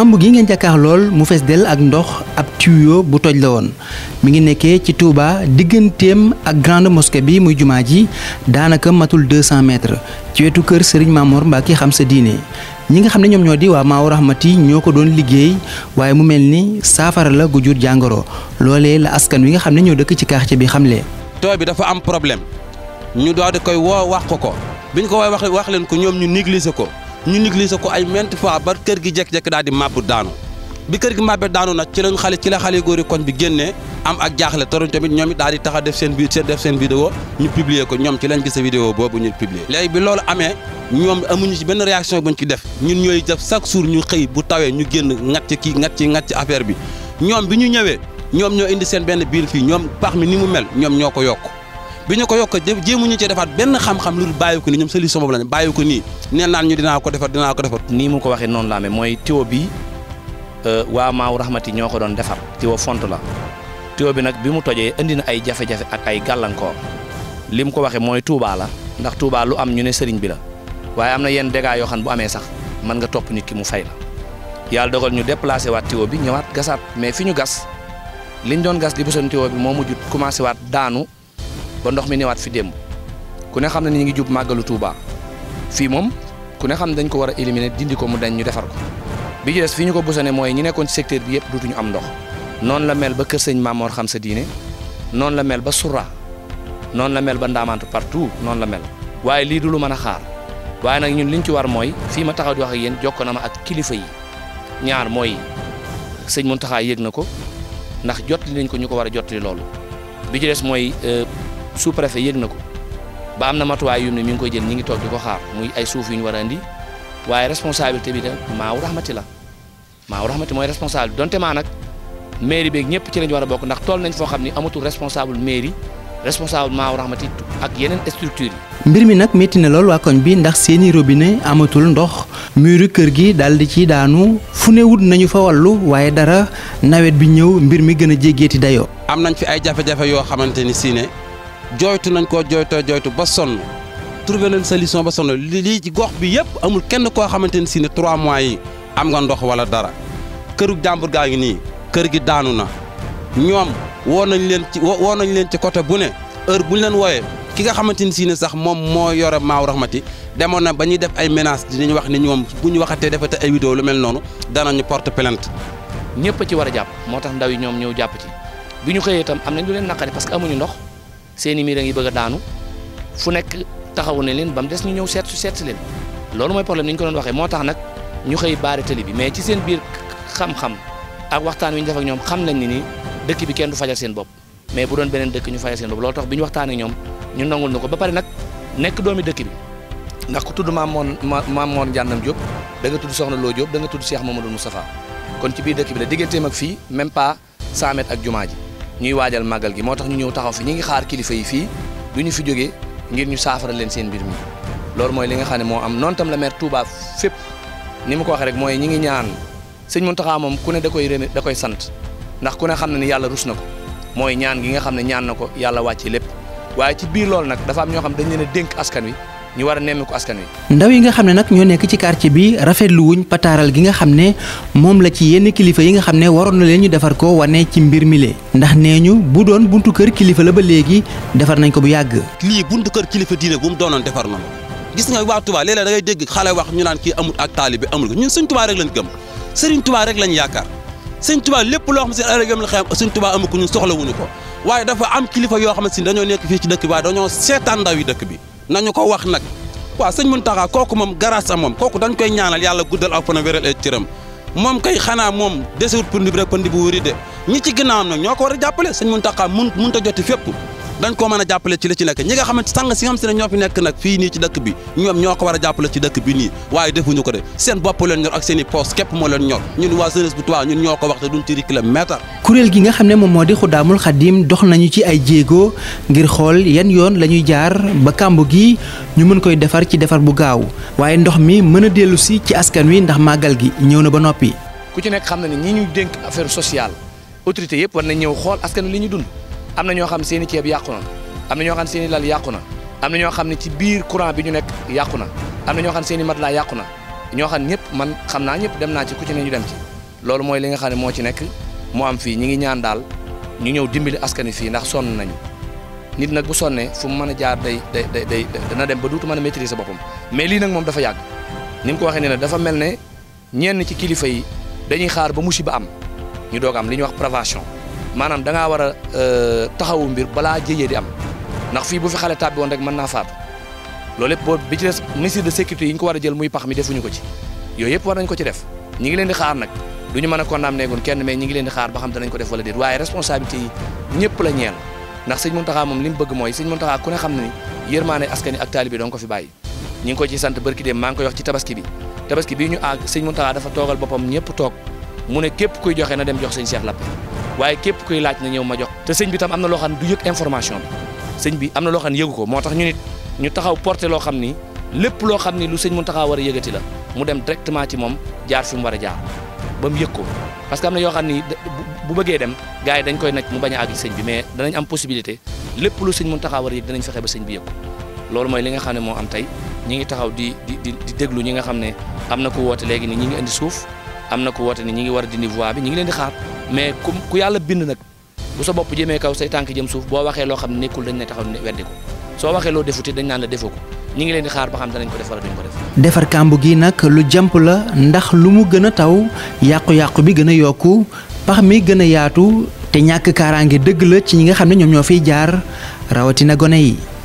xamb gi ngeen jàkkaar lool mu fees dell ak ndox ab tuyau bu toj la woon mu ngi nekkee ci Touba digganteem ak grande mosquée bi muy jumaa ji daanaka matul 200 mètres ci wetu kër Serigne Mamour ki xam sa diine ñi nga xam ne ñoom ñoo di waa Maawu Rahmati ñoo ko doon liggéey waaye mu mel ni saafara la gu jur jàngoro loolee la askan wi nga xam ne ñoo dëkk ci quartier bi lee tooy bi dafa am problème ñu daal di koy woo wax ko ko biñ ko wax wax leen ko ñoom ñu négliger ko. ñu négligé ko ay ment fois ba kër gi jekk-jekk daal di màbb daanu bi kër gi màbbee daanu nag ci ci la xale góori koñ bi génnee am a jaaxle toroñ tamit ñoom it daal di taxa def seen bi def seen vidéo ñu publier ko ñoom ci lañ gis vidéo boobu ñu publier léegi bi loolu amee ñoom amuñu ci benn réaction buñ ci def ñun ñooy def chaque jour ñu xëy bu tawee ñu génn ngat ci kii ngat ci ngat ci affaire bi ñoom bi ñu ñëwee ñoom ñoo indi seen benn biir fii ñoom pax mi ni mu mel ñoom ñoo ko yokk bi ñu ko yokk ñu ci defaat benn xam-xam lu bàyyi ko nii ñoom solution boobu lañ bàyyi ko nii neen naan ñu dinaa ko defar dinaa ko defar nii mu ko waxee noonu la amee mooy tiwo bi euh, waa maaw raxmati ñoo ko doon defar tiwo font la tiwo bi nag bi mu tojee indi na ay jafe-jafe ak ay gàllankoor li mu ko waxee mooy Touba la ndax Touba lu am ñu ne sëriñ bi la waaye am na yenn dégâts yoo xam bu amee sax mën nga topp nit ki mu fay la yàlla dogal ñu déplacé waat tiwo bi ñëwaat gasaat mais fi ñu gas liñ doon gas di bësoon tiwo bi moo mujj commencé waat daanu ba ndox mi ne ñëwaat fi démb ku ne xam ne ni ñu ngi jub màggalu Touba fii moom ku ne xam ne dañ ko war a éliminer dindi ko mu dañ ñu defar ko bi ñu des fi ñu ko busane mooy ñu nekkoon ci secteur bi yëpp ñu am ndox noonu la mel ba kër sëñ Maamoor xam sa diine noonu la mel ba Sura noonu la mel ba Ndaamante partout noonu la mel waaye lii du lu mën a xaar waaye nag ñun liñ ci war mooy fii ma taxaw di wax ak yéen jokko na ak kilifa yi ñaar mooy sëñ Mountakha yëg na ko ndax jottali nañ ko ñu ko war a jottali loolu sous préfet yëg na ko ba am na matuwaay yu ne mi ngi koy jël ñi ngi toog di ko xaar muy ay suuf yu ñu war a andi waaye responsabilité bi maaw raxmati la maaw raxmati mooy responsable donte maa nag ndax tool nañ foo xam ni amatul responsable mairie responsable maaw raxmati ak yeneen structure yi. mbir mi nag métti na lool waa koñ bi ndax seeni robinet amatul ndox muru kër gi daal di ci daanu fu ne wut nañu fa wallu waaye dara nawet bi ñëw mbir mi gën a jéggeeti dayoo. am nañ fi ay jafe-jafe yoo xamante ni jooytu nañ ko jooytoo jooytu ba sonn trouvé nañ solution ba sonn lii ci gox bi yëpp amul kenn koo xamante ne si ne trois mois yi am nga ndox wala dara këru jàmbur gaa ngi nii kër gi daanu na ñoom woo nañ leen ci woo nañ leen ci côté bu ne heure bu leen wooyee ki nga xamante ni si ne sax moom moo yore maaw raxmati demoon na ba ñuy def ay menaces dinañ wax ni ñoom bu ñu waxatee defate ay vidéo lu mel noonu danañu porte plainte ñëpp ci war a jàpp moo tax ndaw yi ñoom ñëw jàpp ci bi ñu xëyee itam am nañ lu leen naqari parce que amuñu ndox seeni miir a ngi bëgg a daanu fu nekk taxawu ne leen ba mu des ñu ñëw seet su seet si leen loolu mooy problème ni ñu ko doon waxee moo tax nag ñu xëy baare tali bi mais ci seen biir xam-xam ak waxtaan wi ñu def ñoom xam nañ ni ni dëkk bi kenn du fajal seen bopp mais bu doon beneen dëkk ñu fajal seen bopp loolu tax bi ñu waxtaan ak ñoom ñu nangul na ko ba pare nag nekk doomi dëkk bi ndax ku tudd maam moon maam moon jànnam Diop da nga tudd soxna Lo Diop da nga tudd Cheikh Mamadou Moustapha kon ci biir dëkk bi la digganteem ak fii même pas 100 mètres jumaa ji ñuy waajal màggal gi moo tax ñu ñëw taxaw fi ñu ngi xaar kilifa yi fii du ñu fi jógee ngir ñu saafara leen seen mbir mi loolu mooy li nga xam ne moo am noonu tam la maire Touba fépp ni mu ko waxee mooy ñi ngi ñaan sëñ Mountakha moom ku ne da koy remercier da koy sant ndax ku ne xam ne ni yàlla rus na ko mooy ñaan gi nga xam ne ñaan na ko yàlla wàcce lépp waaye ci biir loolu nag dafa am ñoo xam dañ leen dénk askan wi ñu war a nemmeeku askan wi. ndaw yi nga xam ne nag ñoo nekk ci quartier bi rafetlu wuñ pataaral gi nga xam ne moom la ci yenn kilifa yi nga xam ne waroon na leen ñu defar ko wane ci mbir mi le ndax nee ñu bu doon buntu kër kilifa la ba léegi defar nañ ko bu yàgg. lii buntu kër kilifa diine bu mu doonoon defar na gis nga waa Touba léeg-léeg da ngay dégg xale wax ñu naan kii amul ak taalibe amul ko ñun Sëñ Touba rek lañ gëm Sëriñ Touba rek lañ yaakaar Sëñ Touba lépp loo xam si ala yom la ko ñun soxlawuñu dafa am kilifa yoo xam ne dañoo nekk fii ci dëkk bi waaye dañoo seetaan ndaw dëkk bi nañu ko wax nag waaw sëñ Mountakha kooku moom grâce am moom kooku dañu koy ñaanal yàlla guddal aw fanam wéral ay cëram moom kay xanaa moom desewut pëndi bi rek pëndi bu wuri de ñi ci ginnaawam nag ñoo ko war a jàppale sëñ Mountakha mun mënut mun joti fépp dañ ko mën a jàppale ci la ci nekk ñi nga xamante sàng si nga xam si ne ñoo fi nekk nag fii nii ci dëkk bi ñoom ñoo ko war a jàppale ci dëkk bi nii waaye defuñu ko de seen bopp leen ñor ak seen i poos képp moo leen ñor ñun waa jeunesse bu Tuubaa ñun ñoo ko wax te duñ ci kilomètre kuréel gi nga xam ne moom moo di Xuddaamul Xadim dox nañu ci ay jéego ngir xool yan yoon la ñuy jaar ba kàmb gi ñu mën koy defar ci defar bu gaaw waaye ndox mi mën a dellu si ci askan wi ndax màggal gi ñëw na ba noppi ku ci nekk xam na ne ñi dénk affaire sociale autorité yëpp war nañ ñëw xool askan li ñu dund am na ñoo xam seen i ceeb yàqu na am na ñoo xam seen i lal yàqu na am na ñoo xam ne ci biir courant bi ñu nekk yàqu na am na ñoo xam seen i matelas yàqu na ñoo xam ñëpp man xam naa ñëpp dem naa ci ku ci ne ñu dem ci loolu mooy li nga xam ne moo ci nekk moo am fii ñi ngi ñaan daal ñu ñëw dimbali askani fii ndax sonn nañu nit nag bu sonnee fu mu mën a jaar day day day day dana dem ba duutu mën a maîtriser boppam mais lii nag moom dafa yàgg ni mu ko waxee ne dafa mel ne ñenn ci kilifa yi dañuy xaar ba musiba am ñu doog am li ñuy wax prévention maanaam da war a euh, taxawu mbir balaa jëyee di am ndax fii bu fi xale tàbbi woon rek mën naa faatu loolu yëpp boo bi ci des mesure de sécurité yi ñu ko war a jël muy pax mi ñu ko ci yooyu yëpp war nañ ko ci def ñi ngi leen di xaar nag du ñu mën a condamné gun kenn mais ñi ngi leen di xaar ba xam danañ ko def wala déet waaye responsabilité yi ñëpp la ñeel ndax sëñ moom li mu bëgg mooy sëñ Muntaxa ku ne xam ne ni yërmaane askani ak taalibe doon ko fi bàyyi ñi ko ci sant barki dem maa ngi koy wax ci tabaski bi tabaski bii ñu àgg sëñ toogal boppam ñëpp toog mu ne képp kuy joxe na dem jox sëñ Cheikh Lappé waaye képp kuy laaj na ñëw ma jox te sëñ bi tam am na loo xam ne du yëg information sëñ bi am na loo ne yëgu ko moo tax ñu nit ñu taxaw porté loo xam ni lépp loo xam ni lu sëñ mun Muntaxa war a yëgati la mu dem directement ci moom jaar fi mu war a jaar ba mu yëg ko parce que am na yoo xam ni bu bëggee dem gars yi dañ koy naj mu bañ a sëñ bi mais danañ am possibilité lépp lu sëñ Muntaxa war a yëg danañ fexe ba sëñ bi yëg loolu mooy li nga xam ne moo am tey ñi ngi taxaw di di di déglu ñi nga xam ne am na ku woote léegi ni ñi ngi indi suuf am na ku woote ni ñi ngi war a dindi voix bi ñi ngi leen di xaar mais ku yàlla bind nag bu sa bopp jëmee kaw say tànk jëm suuf boo waxee loo xam ne nekkul dañ ne taxaw weddi ko soo waxee loo defute dañ naan la defoo ko ñi ngi leen di xaar ba xam danañ ko def wala duñ ko def. defar kàmb gi nag lu jàmp la ndax lu mu gën a taw yàqu-yàqu bi gën a yokk pax mi gën a yaatu te ñàkk kaaraange dëgg la ci ñi nga xam ne ñoom ñoo fiy jaar rawatina gone yi.